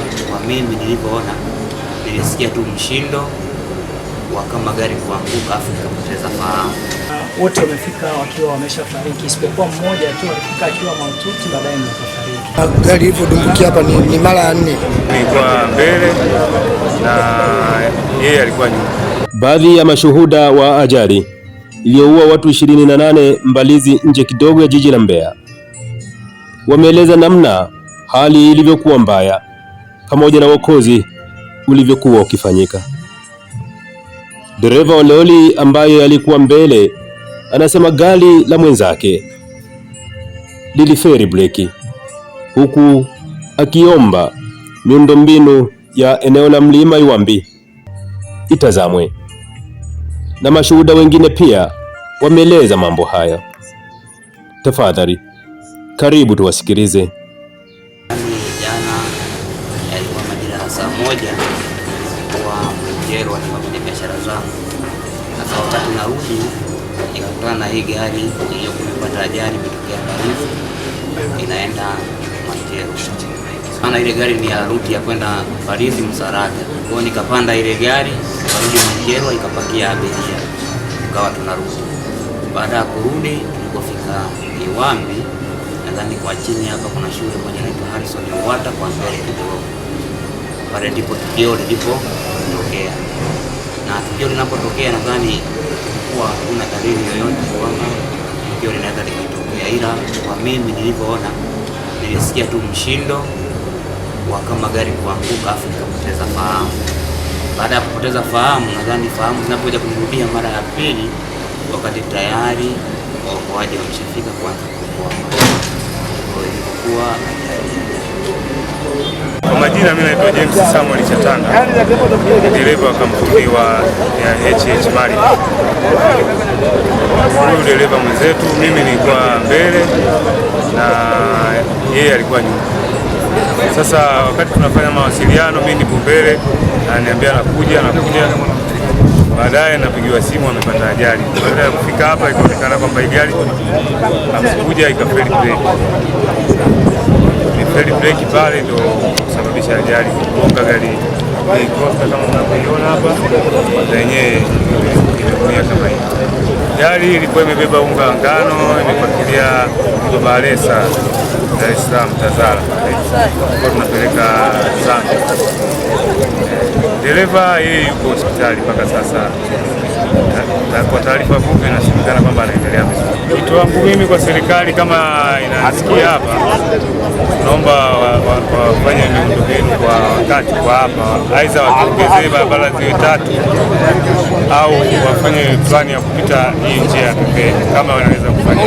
ila kwa mimi nilivyoona, nilisikia tu mshindo wa kama gari kuanguka afu nikapoteza fahamu. Wote wamefika wakiwa wameshafariki isipokuwa mmoja tu alifika akiwa mahututi, baadaye akafariki. Gari ilivyodumbukia hapa ni, ni mara ya nne, nilikuwa mbele na yeye alikuwa nyuma. Baadhi ya mashuhuda wa ajali iliyoua watu 28 Mbalizi, nje kidogo ya jiji la Mbeya, wameeleza namna hali ilivyokuwa mbaya pamoja na wokozi ulivyokuwa ukifanyika. Dereva wa lori ambaye alikuwa mbele anasema gari la mwenzake liliferi breki, huku akiomba miundombinu ya eneo la mlima Iwambi itazamwe, na mashuhuda wengine pia wameeleza mambo haya. Tafadhali karibu tuwasikilize. mmoja wa Mjerwa ni mwenye biashara zangu. Sasa wakati narudi nikakutana na hii gari iliyokuwa imepata ajali imetokea Karivu inaenda Mjerwa. Maana ile gari ni ya ruti ya kwenda Karivu Msaraga. Kwa nikapanda ile gari karudi Mjerwa ikapakia abiria, tukawa tunarudi. Baada ya kurudi tulipofika Iwambi nadhani kwa chini hapa kuna shule moja inaitwa Harrison Iwata kwa mbele kidogo pale ndipo tukio lilipotokea, na tukio linapotokea, nadhani kuwa kuna dalili yoyote kwamba tukio linaweza likitokea, ila kwa mimi nilivyoona, nilisikia tu mshindo wa kama gari kuanguka, afu nikapoteza fahamu. Baada ya kupoteza fahamu, nadhani fahamu zinapokuja kunirudia mara ya pili, wakati tayari waokoaji wameshafika kuanza kuokoa. Kwa ajali. Kwa majina mimi naitwa James Samuel Chatanga, dereva wa kampuni ya HH Mali. Huyu dereva mwenzetu, mimi nilikuwa mbele na yeye alikuwa nyuma. Sasa wakati tunafanya mawasiliano, mimi nipo mbele, ananiambia nakuja, nakuja baadaye napigiwa simu amepata ajali. Baada ya kufika hapa, ikaonekana kwamba gari amekuja ikafeli breki feli breki pale ndo kusababisha ajali, kugonga gari kosta kama unavyoiona hapa, na yenyewe imeumia kama hii. Gari ilikuwa imebeba unga wa ngano, imepakilia Babalesa Dar es Salaam Tazara, kwa tunapeleka Zanzibar. Dereva yeye yuko hospitali mpaka sasa. Kwa taarifa fupi, inasemekana kwamba anaendelea vizuri. Kitu wangu mimi kwa serikali, kama inasikia hapa tunaomba wafanye miundombinu kwa wakati kwa hapa, aidha watuongezee barabara ziwe tatu au wafanye plani ya kupita hii njia ya pembeni kama wanaweza kufanya,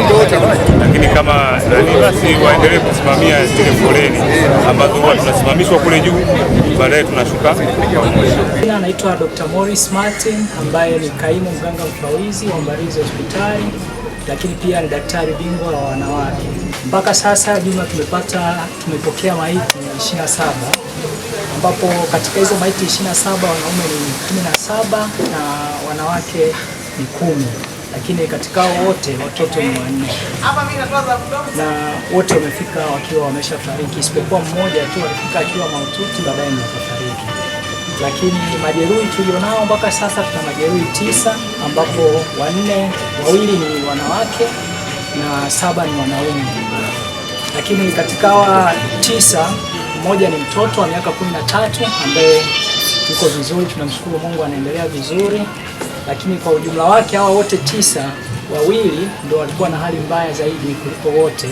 lakini kama nani, basi waendelee kusimamia zile foleni ambazo huwa tunasimamishwa kule juu, baadaye tunashuka. Anaitwa Dr. Morris Martin ambaye ni kaimu mganga mfawizi wa Mbalizi hospitali, lakini pia ni daktari bingwa wa wanawake. Mpaka sasa jumla tumepata tumepokea maiti 27 ambapo katika hizo maiti 27 wanaume ni 17 na wanawake ni kumi, lakini katika wote watoto ni wanne na wote wamefika wakiwa wameshafariki, isipokuwa mmoja tu alifika akiwa mahututi, baadaye ndio akafariki. Lakini majeruhi tulionao mpaka sasa tuna majeruhi tisa, ambapo wanne wawili ni wanawake na saba ni wanaume lakini katika hawa tisa mmoja ni mtoto wa miaka kumi na tatu ambaye yuko vizuri, tunamshukuru Mungu anaendelea vizuri. Lakini kwa ujumla wake hawa wote tisa, wawili ndio walikuwa na hali mbaya zaidi kuliko wote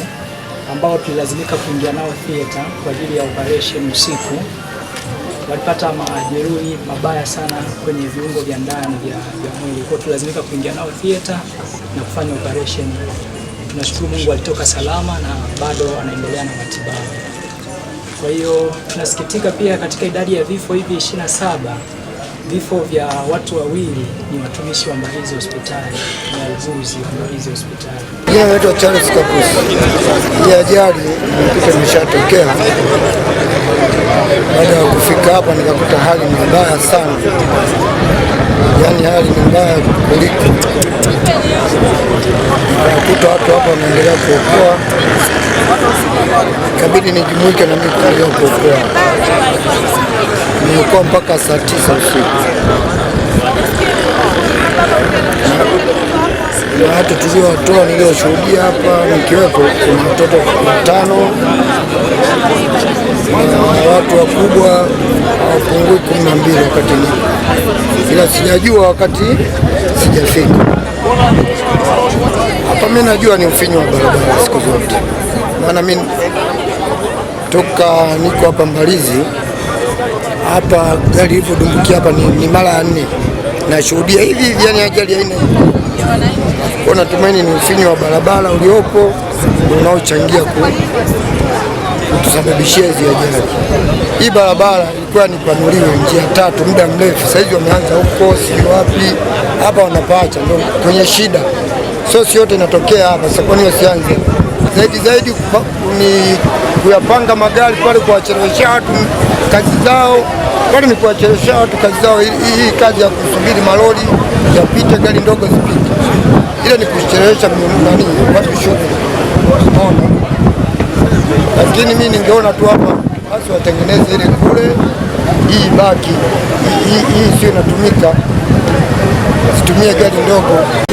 ambao tulilazimika kuingia nao theater kwa ajili ya operation usiku. Walipata majeruhi mabaya sana kwenye viungo vya ndani vya mwili, kwa tulilazimika kuingia nao theater na kufanya operation tunashukuru Mungu alitoka salama na bado anaendelea na matibabu. Kwa hiyo tunasikitika pia katika idadi ya vifo hivi 27 vifo vya watu wawili ni watumishi wa Mbalizi hospitali na wauguzi wa Mbalizi hospitali. Jina naitwa Charles Kapusi. Hii ajali nilikuta imeshatokea, baada ya kufika hapa nikakuta hali ni mbaya sana, yaani hali ni mbaya kuliko watu hapa wanaendelea kuokoa, ikabidi nijumuike na mimi kuendelea kuokoa. Nilikuwa mpaka saa tisa usiku na watu tuliowatoa nilioshuhudia hapa nikiwepo, kuna watoto watano na watu wakubwa hawapungui kumi na mbili wakati ni ila sijajua wakati sijafika. Mimi najua ni ufinyo wa barabara siku zote, maana mimi toka niko hapa Mbalizi hapa gari ilivyodumbukia hapa ni, ni mara ya nne nashuhudia hivi hivi, yani ajali aina kwa, natumaini ni ufinyo wa barabara uliopo unaochangia kutusababishia hizi ajali. Hii barabara ilikuwa ni panuliwe njia tatu muda mrefu, sasa hivi wameanza huko si wapi, hapa wanapacha ndio kwenye shida sio siyote yote inatokea hapa. Sasa kwa usianze zaidi zaidi ni kuyapanga magari pale, kuwachelewesha watu kazi zao pale, ni kuwachelewesha watu kazi zao. Hii kazi ya kusubiri malori yapite, gari ndogo zipite, ile ni kuchelewesha nani watu shughuli, unaona. Lakini mimi ningeona tu hapa basi watengeneze ile kule, hii baki hii, hii sio inatumika, situmie gari ndogo.